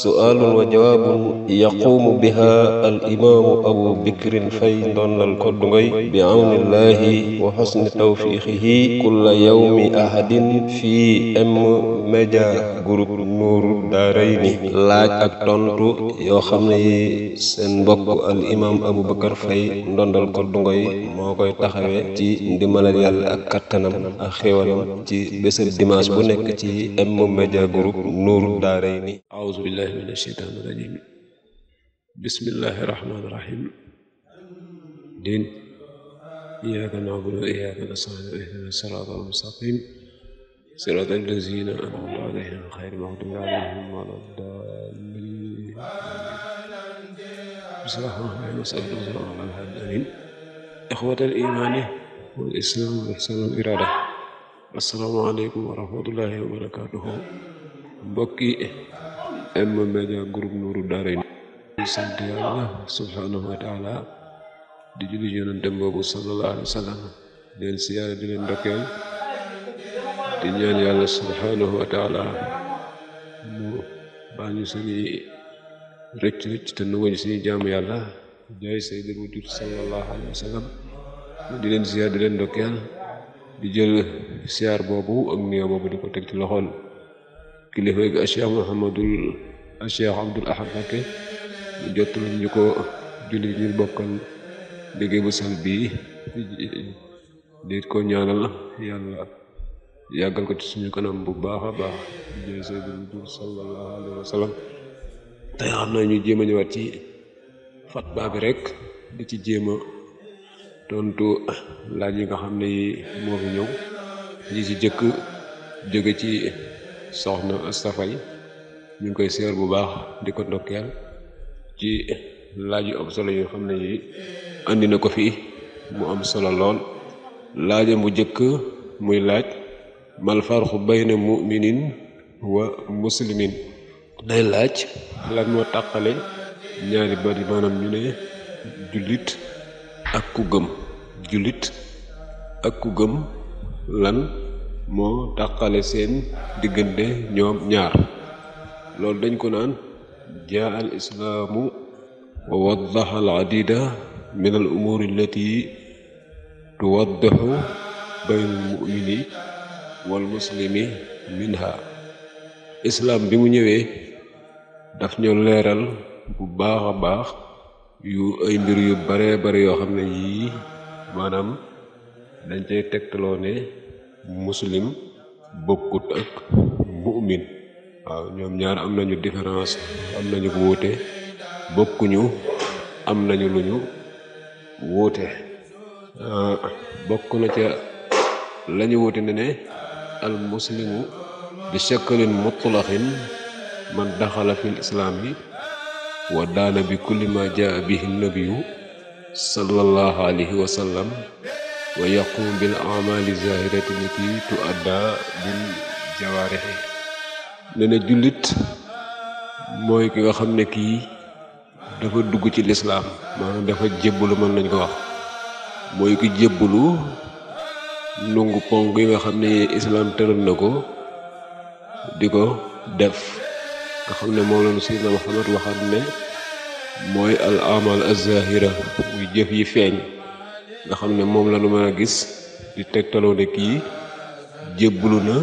suaalun wa jawaabun yaquumu biha al imaamu abu bikrin fay ndondal koddungoy bi awnillahi wa xosni tawfiixihi kulla yawmi ahadin fii M Media Group Nour Daarayni laaj ak tontu yoo xam ne seen mbokk al imaam abu bakar fay ndondal koddungoy moo koy taxawee ci ndimbalal yàlla ak kattanam ak xéwalam ci bésëb dimanche bu nekk ci M Media Group Nour Daarayni billahi min asheytaan irajim bismillahi irahmani irahim din iyyaka na'budu wa iyyaka nasta'iin ihdina siraata al-mustaqiim siraata allaziina an'amta alayhim ghayril maghduubi alayhim wa lad-daalliin bismillaahi ixwatal iimaani wal islaam wal ihsaan wal iraada assalaamu aleykum wa rahmatullaahi wa barakaatuh mbokki M-Media Group Nourou Daarayni ñu sant yàlla subhanahu wa taala di julli yonente boobu sallallahu alayhi wa sallam di leen siyaare yàlla subhanahu wa taala te nanguñu suñuy jaamu yàlla jaay sayyidul wujud sallallahu alayhi di leen siyaar di leen ndokkeel di jël siyaar boobu ak nuyoo boobu di ko teg ci loxol kilifa gi Cheikh Mouhamadul Cheikh Abdoul Ahad Mbacké mu jot ñu ko jullit ñu bokkal liggéey bu sell bii di ko ñaanal yàlla yàggal ko ci suñu kanam bu baax a baax jëy Seydina sallallahu alayhi xam naa ñu jéem a ñëwaat ci fatbaa bi rek di ci jéem tontu laaj yi nga xam ne moo fi ñëw ñi ci jëkk jóge ci soxna Asta Faye ñu ngi koy seer bu baax di ko ndokkeel ci laaj yu am solo yoo xam ne yi andi na ko fii mu am solo lool laaja mu jëkk muy laaj mal farxu bayna muminin wa muslimin day laaj lan moo taqale ñaari bari maanaam ñu ne jullit ak ku gëm jullit ak ku gëm lan moo tàqale seen diggante ñoom ñaar loolu dañ ko naan jaa al islaamu wa waddaxa al adida min al umuur allati tuwaddaxu bayna mumini wal muslimi minha islaam bi mu ñëwee daf ñu leeral bu baax a baax yu ay mbir yu bare bare yoo xam ne yii maanaam dañ cay tegtaloo ne muslim bokkut ak mu'min waaw ñoom ñaar am nañu différence am nañu wuute bokkuñu am nañu lu ñu wuute ah, bokk na ca lañu wuute ne ne al muslimu bi shaklin mutlaqin man daxala fil islaami wa daana bi kulli ma jaa nabiyu sallallahu alayhi wa sallam wa yaqum bil amali zahirati lati tuadda bil jawaarihi ne na jullit mooy ki nga xam ne kii dafa dugg ci lislaam maanaam dafa jébbalu mën nañ ko wax mooy ki jébbalu nungu ponk yi nga xam ne islaam tëral na ko di ko def nga xam ne moom lañu sayyidna Muhammad waxam ne mooy al amal az zahira muy jëf yi feeñ nga xam ne moom la nu mën a gis di tegtaloo ne kii jébbalu na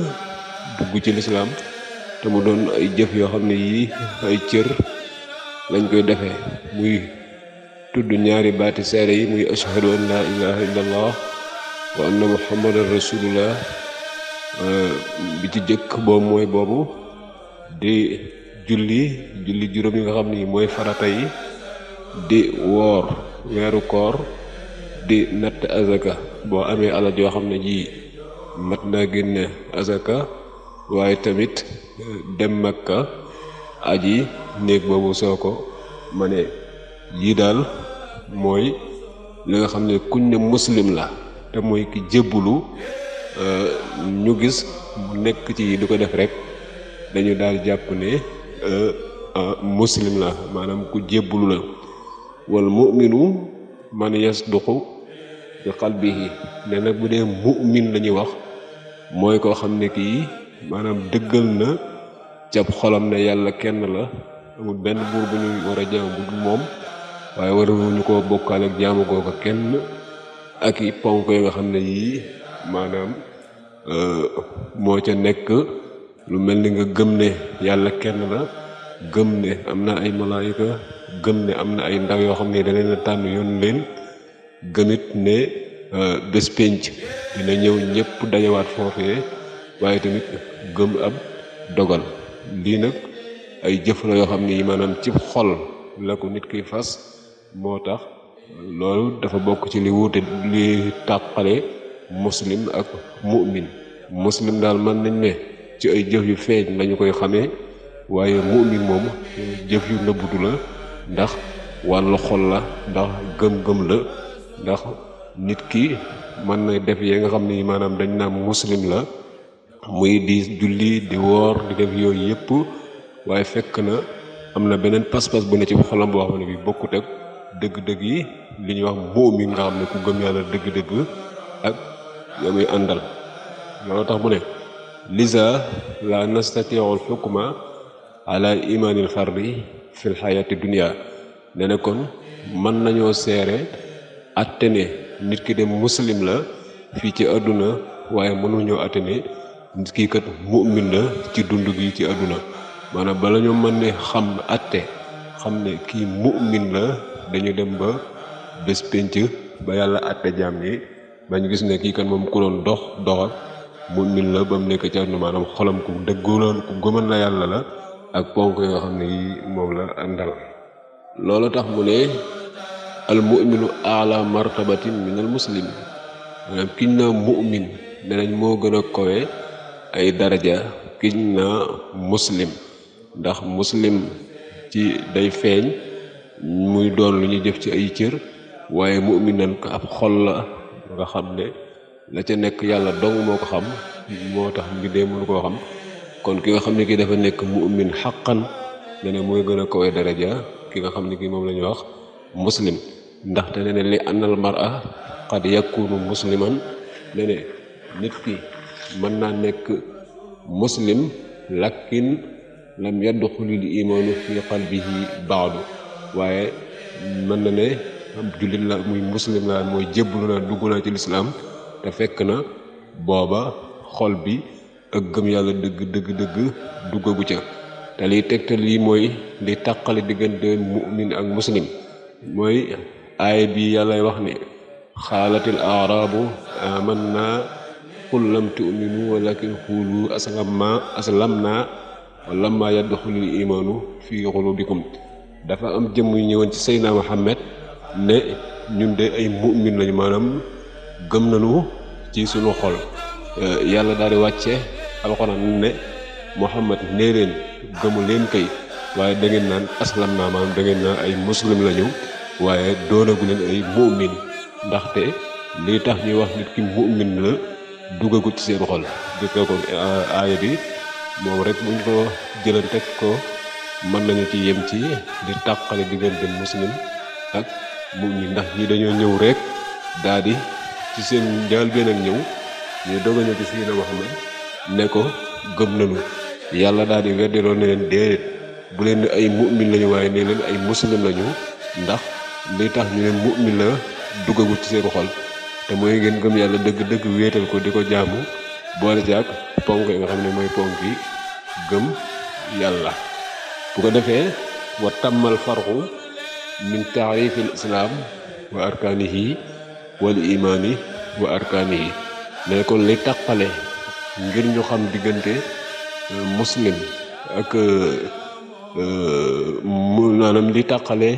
dugg ci lislaam te mu doon ay jëf yoo xam ne yii ay cër lañ koy defee muy tudd ñaari baati seere yi muy ashhadu an laa ilaha illallah wa anna muhammadan rasulullah bi ci jëkk boobu mooy boobu di julli julli juróom yi nga xam ni mooy farata yi di woor weeru koor di natt azaka boo amee alal yoo xam ne ji mat naa génne azaka waaye tamit eh, dem makka aji néeg boobu soo ko manee yii daal mooy li nga xam ne kuñ ne muslim la te mooy ki jébbulu eh, ñu gis mu nekk ci du ko def rek dañu daal jàpp ne eh, muslim la maanaam ku jébbulu la wal mu'minu man yasduqu bi qalbihi ne nag bu dee mu'min la ñuy wax mooy koo xam ne kii maanaam dëggal na cab xolam ne yàlla kenn la amul benn buur bu ñu war a jaamu moom waaye waruñu ko bokkaal ak jaamu ko kenn ak i ponk yi xam ne yii maanaam euh, moo ca nekk lu mel ni nga gëm ne yàlla kenn la gëm ne am na ay malaayika gëm ne am na ay ndaw yoo xam ne da leen tànn yoon leen gëmit ne euh, bés pénc dina ñëw ñëpp dajawaat foofee waaye tamit gëm ab dogal lii nag ay jëf la yoo xam ne yi maanaam ci xol la ko nit kiy fas moo tax loolu dafa bokk ci li wuute li tàqale muslim ak mu'min muslim daal mën nañ ne ci ay jëf yu feeñ lañu koy xame waaye mu'min moom jëf yu nëbbutu la ndax wàllu xol la ndax gëm-gëm la ndax nit ki mën na def yi nga xam ne ni maanaam dañ naan muslim la muy di julli di woor di def yooyu yëpp waaye fekk na am na beneen pas-pas bu ne ci xolam boo xam ne bi bokkut ak dëgg-dëgg yi li ñu wax muumin nga xam ne ku gëm yàlla dëgg-dëgg ak ya muy àndal loolu tax mu ne liza la nastatiu al xukma ala imaanil fardi fi l xayaati dunia ne ne kon mën nañoo seere atte ne nit ki de muslim la fii ci adduna waaye mënuñoo atte ne nit ki kat mu'min la ci dund gi ci àdduna maanaam bala ñoo mën ne xam atte xam ne kii mu'min la dañu dem ba bés penc ba yàlla atte jaam yi bañ gis ne kii kat moom ku doon dox doxal mu'min la ba mu nekk ci àdduna maanaam xolam ku dëggoon ku gëman la yàlla la ak ponk yoo xam ne yi moom la àndal loolu tax mu ne al muminu ala martabatin min al muslim maanaam kiñ naa mumin ne nañ moo gën a kowe ay daraja kiñ naa ndax muslim ci day feeñ muy doon lu ñuy jëf ci ay cër waaye mumin nañ ko ab xol la xam ne la ca nekk yàlla dong ko xam tax mbir koo xam kon ki nga xam ne kii dafa nekk mumin xaqan ne mooy gën a kowe ki nga xam ne kii moom la ñu wax muslim ndaxte nee na li annal mar'a qad yakunu musliman ne ne nit ki mën naa nekk muslim lakin lam yadxulil imaanu fi qalbihi baadu waaye mën na ne jullit la muy muslim la mooy jébbalu la dugg na ci lislaam te fekk na booba xol bi ak gëm yàlla dëgg dëgg dëgg duggagu ca te liy tegtal lii mooy li tàqale diggante mu'min ak muslim mooy aay bii yàllay wax ne xaalatil aaraabu aman na qul lam tu'minu walakin qulu aslamna aslamna wa lamma yadxulil imaanu fi qulubikum dafa am jëmm yu ñëwoon ci Seydina Muhammad ne ñun de ay mu'min lañu maanaam gëm nanu ci sunu xol yàlla daal di wàcce alxuraan ne Muhammad nee leen gëmu leen kay waaye da ngeen naan aslam naa maanaam da ngeen naan ay muslim lañu waaye doonagu leen ay mu'min ndaxte lii tax ñuy wax nit ki mu'min la dugga ko ci seen xol jëkkee ko euh, aaya bi moom rek buñ ko jëlan teg ko mën nañu ci yem ci di tàqale diggante muslim ak mu'min ndax ñi dañoo ñëw rekk daa di ci seen njaal benn ak ñëw ñu dogañu ci siina Muhammad ne ko gëm nañu yàlla daal di weddeloo ne leen déedéet bu leen ay mu'min lañu waaye ne leen ay muslim lañu ndax li tax ñu ne mu'min la duggagul ci seen xol te mooy ngeen gëm yàlla dëgg-dëgg wéetal ko di ko jaamu boole ci ak ponk yi nga xam ne mooy ponk yi gëm yàlla bu ko defee wa tàmmal farxu min taarifil islaam wa arkaanihi wal imaani wa arkaanihi mais kon li tàqale ngir ñu xam diggante euh, muslim ak euh, euh, maanaam li tàqale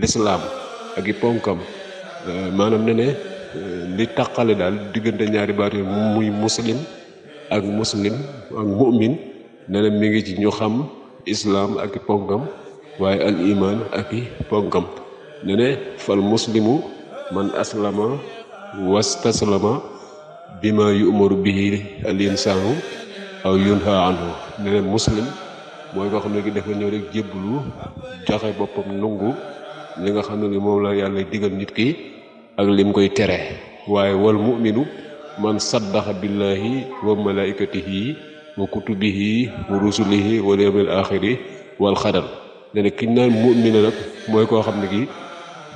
lislaam aki ponkam euh, maanaam ne euh, li taqale daal diggante ñaari baat yi muy muslim ak muslim ak mu'min ne mi ngi ci ñu xam islaam aki ponkam waaye al iman ak ponkam ne ne fal muslimu man aslama wastaslama bima yu'maru bihi al insaanu aw yunha anhu ne ne muslim mooy nga xam ne gi dafa ñëw rek jébbalu joxe boppam nungu li nga xam ne ni moom la yàlla digal nit ki ak lim koy tere waaye wal mu'minu man saddaxa billahi wa malaikatihi wa kutubihi wa rusulihi wal yawmil axiri wal xadar nee na kiñ naan mu'min nag mooy koo xam ne gi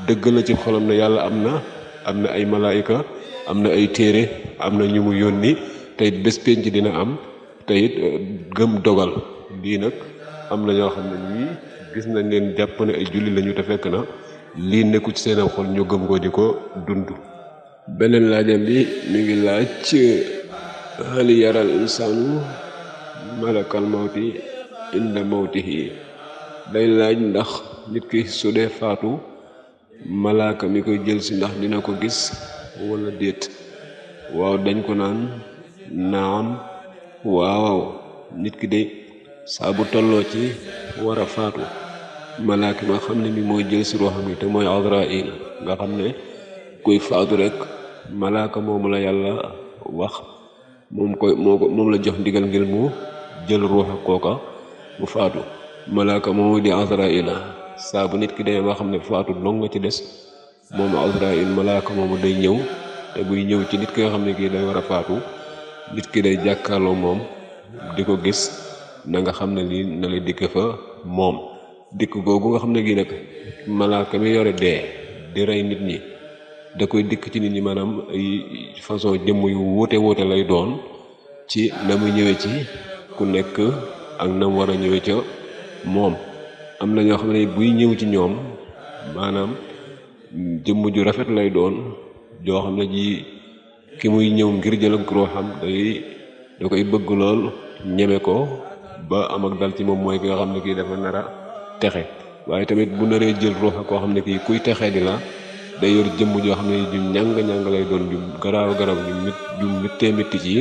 dëgg na ci xolam ne yàlla am na am na ay malaayika am na ay téere am na ñu mu yónni tey bés penc dina am tey gëm dogal lii nag am na ñoo xam ne ñii gis nañ leen jàpp ne ay julli lañu te fekk na lii nekku ci seen xol ñu gëm ko di ko dund. beneen laajam bi mi ngi laaj hal yaral insaanu malakal mawti inda mawtihi day laaj ndax nit ki su dee faatu malaaka mi koy jël si ndax dina ko gis wala déet waaw dañ ko naan naam waaw nit ki de saa bu tolloo ci war a faatu malaaka ma xam ne mi mooy jël si ruuxam yi te mooy Azraayil nga xam ne kuy faatu rek malaaka moomu la yàlla wax moom koy moo moom la jox ndigal ngir mu jël ruuxa kooka mu faatu malaaka moomu di Azraayil saa bu nit ki demee ba xam ne faatu dong ci des moomu Azraayil malaaka moomu day ñëw te buy ñëw ci nit ki xam ne kii day war a faatu nit ki day jàkkaarloo moom di ko gis na nga xam ne lii na nga dikk fa moom dikk googu nga xam ne gi nag malaaka mi yore dee di rey nit ñi da koy dikk ci nit ñi maanaam ay façon jëmm yu wuute wuute lay doon ci na mu ñëwee ci ku nekk ak na mu war a ñëwee ca moom am na ñoo xam ne buy ñëw ci ñoom maanaam jëmm ju rafet lay doon joo xam ne ji ki muy ñëw ngir jël ak ruuxam day da koy bëgg lool ñeme ko ba am ak dal ci moom mooy ki nga xam ne kii dafa nar a texe waaye tamit bu naree jël ruux koo xam ne kii kuy texe di la day yor jëmm joo xam ne ju ñàng ñàng lay doon ju garaaw garaaw ju mit ji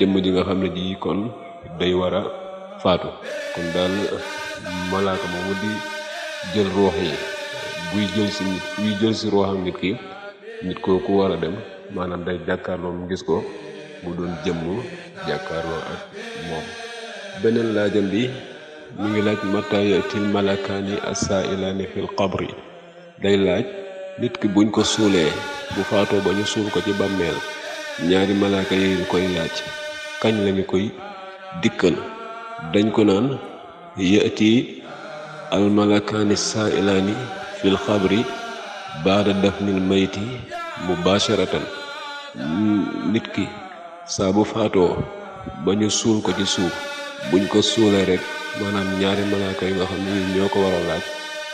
nga xam ne ji kon day war a faatu kon daal malaaka moomu di jël ruux yi buy jël si nit buy jël si ruuxam nit ki nit koo ku war a dem maanaam day jàkkaarloo mu gis ko mu doon jëmm jàkkaarloo ak moom beneen laajam bi mu ngi laaj mata yatil malakaani assailaani fil qabri day laaj nit ki buñ ko suulee bu faatoo ba ñu suul ko ci bàmmeel ñaari malaaka yooyu koy laaj kañ lañu koy dikkal dañ ko naan yati almalakaani saailaani fil xabri baada dafnil mayti mubasharatan nit ki saa bu faatoo ba ñu suul ko ci suuf buñ ko suulee rek maanaam ñaari malaaka yi nga xam ne ñoo ko war a laaj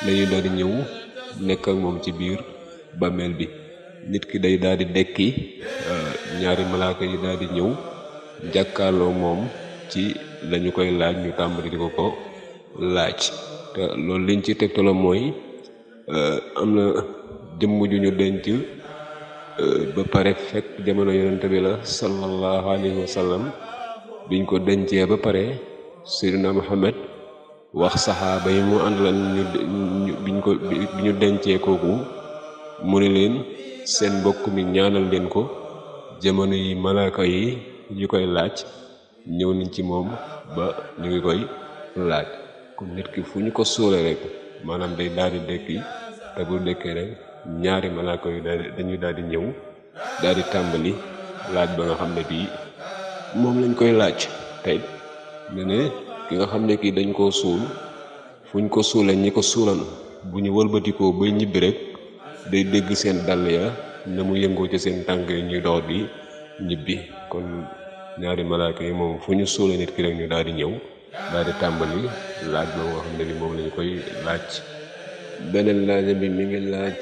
lañuy daal ñëw nekk moom ci biir bàmmeel bi nit ki day daal di dekki euh, ñaari malaaka yi daal di ñëw jàkkaaloo moom ci lañu koy laaj ñu tàmbali di ko ko laaj te loolu liñ ci tegtalo mooy euh, am na jëmm juñu denc euh, ba pare fekk jamono yonente bi la sallallahu alayhi wa biñ ko dencee ba pare Seydina Muhammad wax saxaaba yi mu àndal ñu biñ ko bi ñu dencee kooku mu ne leen seen mbokk mi ñaanal leen ko jamono yi malaaka yi ñu koy laaj ñëw nañ ci moom ba ñu ngi koy laaj kon nit ki fu ñu ko suule rek maanaam day daal di dekki te bu dekkee rek ñaari malaaka yu dañuy daal di ñëw daal tàmbali laaj ba nga xam ne bii moom lañ koy laaj tey ne ne ki nga xam ne kii dañ koo suul fuñ ko suula ñi ko suulan bu ñu wëlbatikoo bay ñibbi rek day dégg seen dàll ya na mu yëngoo ci seen tànk yi ñuy dox di ñibbi kon ñaari malaaka yi moom fu ñu suulee ki rek ñu daal di ñëw daal di tàmbali laaj ba nga xam ne bi moom lañ koy laaj beneen laaj bi mi ngi laaj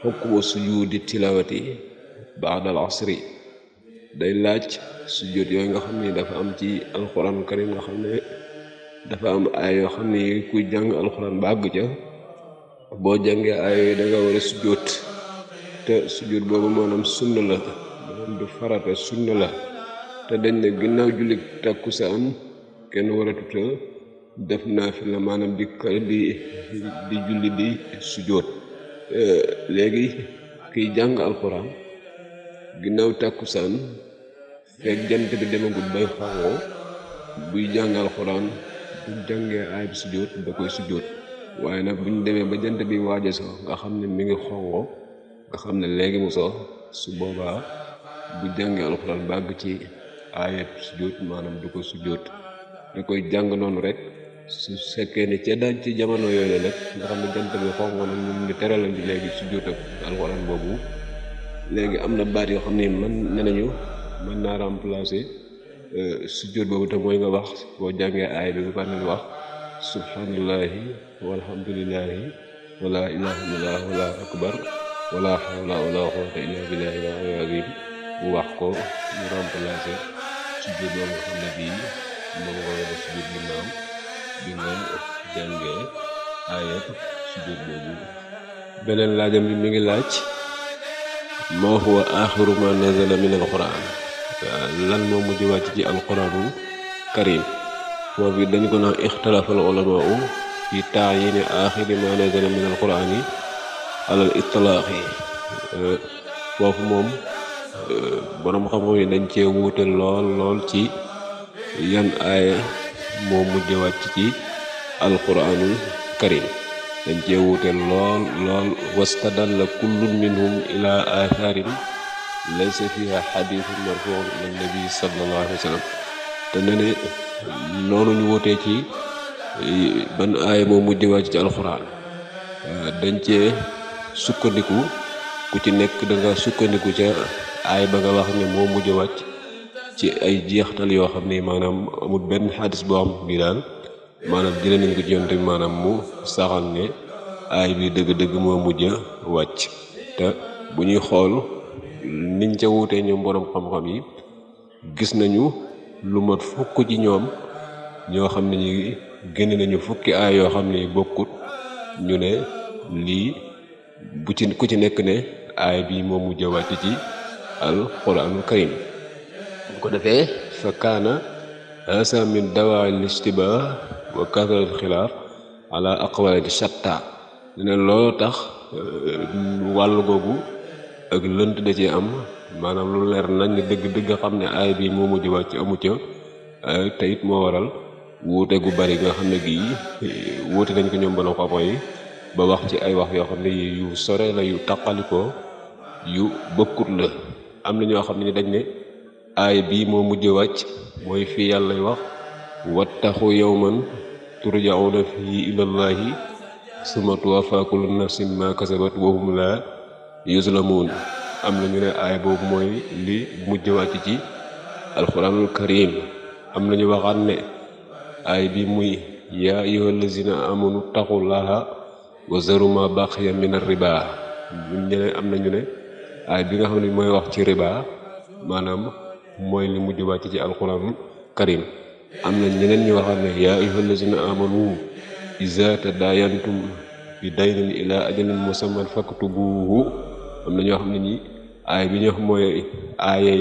xukmu sujuudi tilawati baadal asri day laaj sujjóot yooyu nga xam ni dafa am ci alxuraan karim nga xam ne dafa am ay yoo xam ni kuy jàng alxuraan ba àgg ca boo jàngee ay da nga war a sujjóot te sujjóot boobu maanaam sunna la maanaam du farata sunna la te dañ ne ginnaaw julli tàkkusaan kenn waratut def naafila maanaam di di di julli di sujjóot léegi kiy jàng alxuraan ginnaaw tàkkusaan fekk jant bi demagul bay xongo buy jàngal xuraan bu jàngee aay bi sujjóot da koy sujjóot waaye nag bu ñu demee ba jant bi waaje so nga xam ne mi ngi xongo nga xam ne léegi mu so su boobaa bu jàngee alxuraan bàgg ci aayab sujjóot maanaam du ko sujjóot da koy jàng noonu rek su sekkee ne ca daan ci jamono yooyu nag nga xam ne jant bi xongo na ñu ni teralandi léegi sujjóot ak alxuraan boobu léegi am na baat yoo xam ne man ne mën naa remplacer euh, sujjóot boobu te mooy nga wax boo jàngee aay bi ba pare nga wax subhanallahi walhamdulillahi wala ilaha akbar wala hawla wala quwwata illa billahi al-aliyyil bi nga jàngee aayat sujjóot boobu beneen laajam bi mi ngi laaj moo huwa axiru ma nazala min alquran lan moo mujj wàcc ci alquranu karim foofu dañ ko naan ixtilafal ulama u fi taayini axiri ma nazala min alquran yi alal itlaax yi foofu moom borom xam-xam yi dañ cee wuute lool lool ci yan aaya moo mujj wàcc ci alquranul karim dañ cee wuute lool lool wastadalla kullun minhum ila athaarin laysa fiha xadithun marfuun ila nabi sallallahu alayhi te ne ne noonu ñu wutee ci ban aaya moo mujj wàcc ci alxuraan dañ cee sukkandiku ku ci nekk da sukkandiku ca aay ba nga wax ne moo mujj wàcc ci ay jeextal yoo xam ni maanaam amul benn xadis boo xam ni daal maanaam jëlee nañ ko ci yonent bi maanaam mu saxal ne aay bi dëgg-dëgg moo mujj a wàcc te bu ñuy xool niñ ca wuutee ñoom boroom xam-xam yi gis nañu lu mat fukk ci ñoo xam ne nañu fukki ay yoo xam ne bokkut ñu ne lii bu ci ku ci nekk ne ay bi moo mujj wàcc ci alxuraanul karim bu ko defee fa kaana hasa min wa kasratul xilaaf ala aqwaali shatta ne loolu tax euh, wàll googu ak lënt da ci am maanaam lu leer nañ dëgg dëgg xam ne aay bi moo mujj wàcc amu ca euh, te moo waral wuute gu bari xam ne gii euh, wuute nañ ko ñoom borom yi ba wax ci ay wax yoo xam ne yu sore la yu taqalikoo yu bokkut am na ñoo xam ne dañ ne aay bii moo mujj wàcc mooy fii yàlla lay wax wattaxu yawman turjauna fihi ilallahi summa tuwaffa kullu nafsin ma kasabat wa hum la yuzlamun am na ñu ne ay boobu mooy li mujj wàcc ci alquranul karim am nañu waxaat ne ay bi muy yaa ayyuhal lazina amanu taqullaha wa zaru ma baqiya min ar-riba ñun ñeneen am nañu ne aay bi nga xam ne mooy wax ci riba maanaam mooy li mujj wàcc ci alquranul karim am na ñeneen ñu waxoon ne yaa ayyuha allazina amanu iza tadayantum bi daynin ila ajalin musamman faktubuhu am na ñoo xam ne nii aay bi ñu wax mooy aaya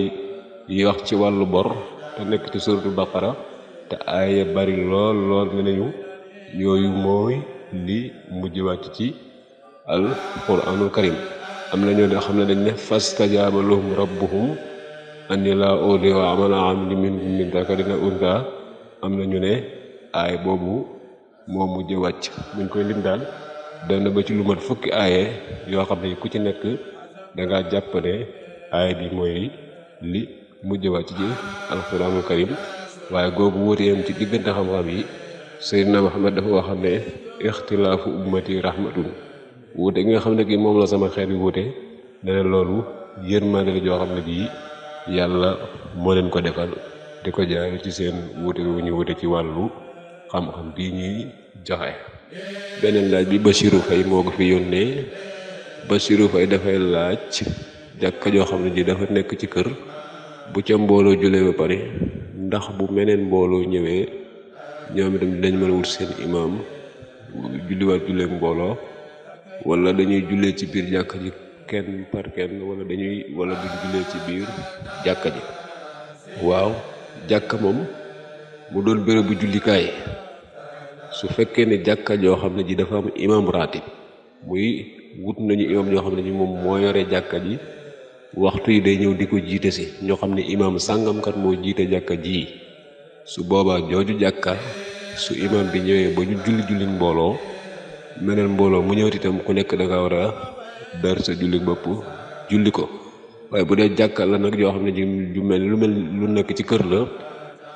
yi wax ci wàllu bor te nekk ci suratul baqara te aaya bari lool lool ne nañu yooyu mooy li mujj wàcc ci al quraanul karim am na ñoo xam ne dañ ne fastajaaba lahum rabbuhum anni laa uudi wa amala amili minkum min dakarin aw unsa am na ñu ne aay boobu moo mujj wàcc muñ koy lim daal doon na ba ci lu mat fukki aaye yoo xam ne ku ci nekk dangaa jàpp ne aay bi mooy li mujj wàcc ci alxuraanul karim waaye googu wuuteem ci diggante xam-xam yi Seydina Muhammad dafa wax ne ixtilaafu ummati rahmatun wuute gi nga xam ne gi moom la sama xeet yi wuute dana loolu yërmande la joo xam ne bii yàlla moo leen ko defal di ko jaare ci seen wuti wu ñuy wuute ci wàllu xam-xam bii ñuy joxe beneen laaj bi Bachirou fay moo ko fi yónnee Bachirou Faye dafay laaj jàkka joo xam ne ji dafa nekk ci kër bu ca mbooloo julee ba pare ndax bu meneen mbooloo ñëwee ñoom itam dañ mën a wut seen imaam julliwaat jullee mbooloo wala dañuy jullee ci biir jàkka ji kenn par kenn wala dañuy wala duñ jullee ci biir jàkka ji waaw jàkka moom mu doon béréb bu jullikaay su fekkee ne jàkka joo xam ne ji dafa am imam ratib muy wut nañu imam ñoo xam ne ji moom moo yore jàkka ji waxtu yi day ñëw di ko jiite si ñoo xam ne imam sàngamkat moo jiite jàkka ji su boobaa jooju jàkka su imam bi ñëwee ba ñu julli julliñ mbooloo meneen mbooloo mu ñëwati ku nekk danga war dër sa julli bopp julli ko waaye bu dee jàkkal la nag joo xam ne ji ju mel lu mel lu nekk ci kër la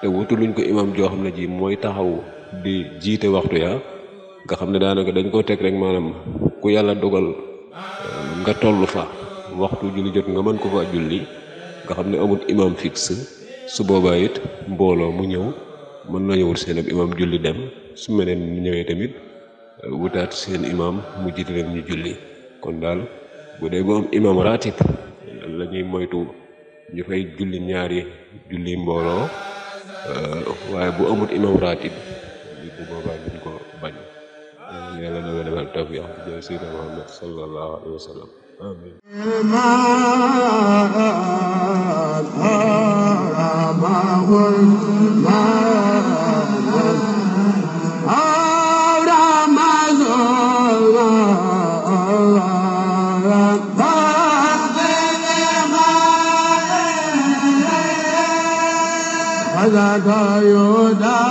te wutu luñ ko imam joo xam ne ji mooy taxaw di jiite waxtu ya nga xam ne daanaka dañ koo teg rek maanaam ku yàlla dogal euh, nga tollu fa waxtu julli jot nga mën ko fa julli nga xam ne amul imam fixe su boobaa it mbooloo mu ñëw mën nañu wut seen imam julli dem su meneen ñu ñëwee tamit wutaat seen imam mu jiite leen ñu julli kon daal bu dee mu am imam ratib la moytu ñu fay julli ñaari julli mbooloo waaye bu amul imam ratib bu boobaa duñ ko bañ yàlla na nga defal tawfiq bi jël sayyidina Muhammad sallallahu alayhi wa sallam amin daa yoo daa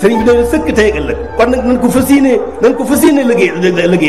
sëriñ bi dana sëkk tey ëllëg kon nag nañ ko fas yéenee nañ ko fas yéenee liggéey liggéey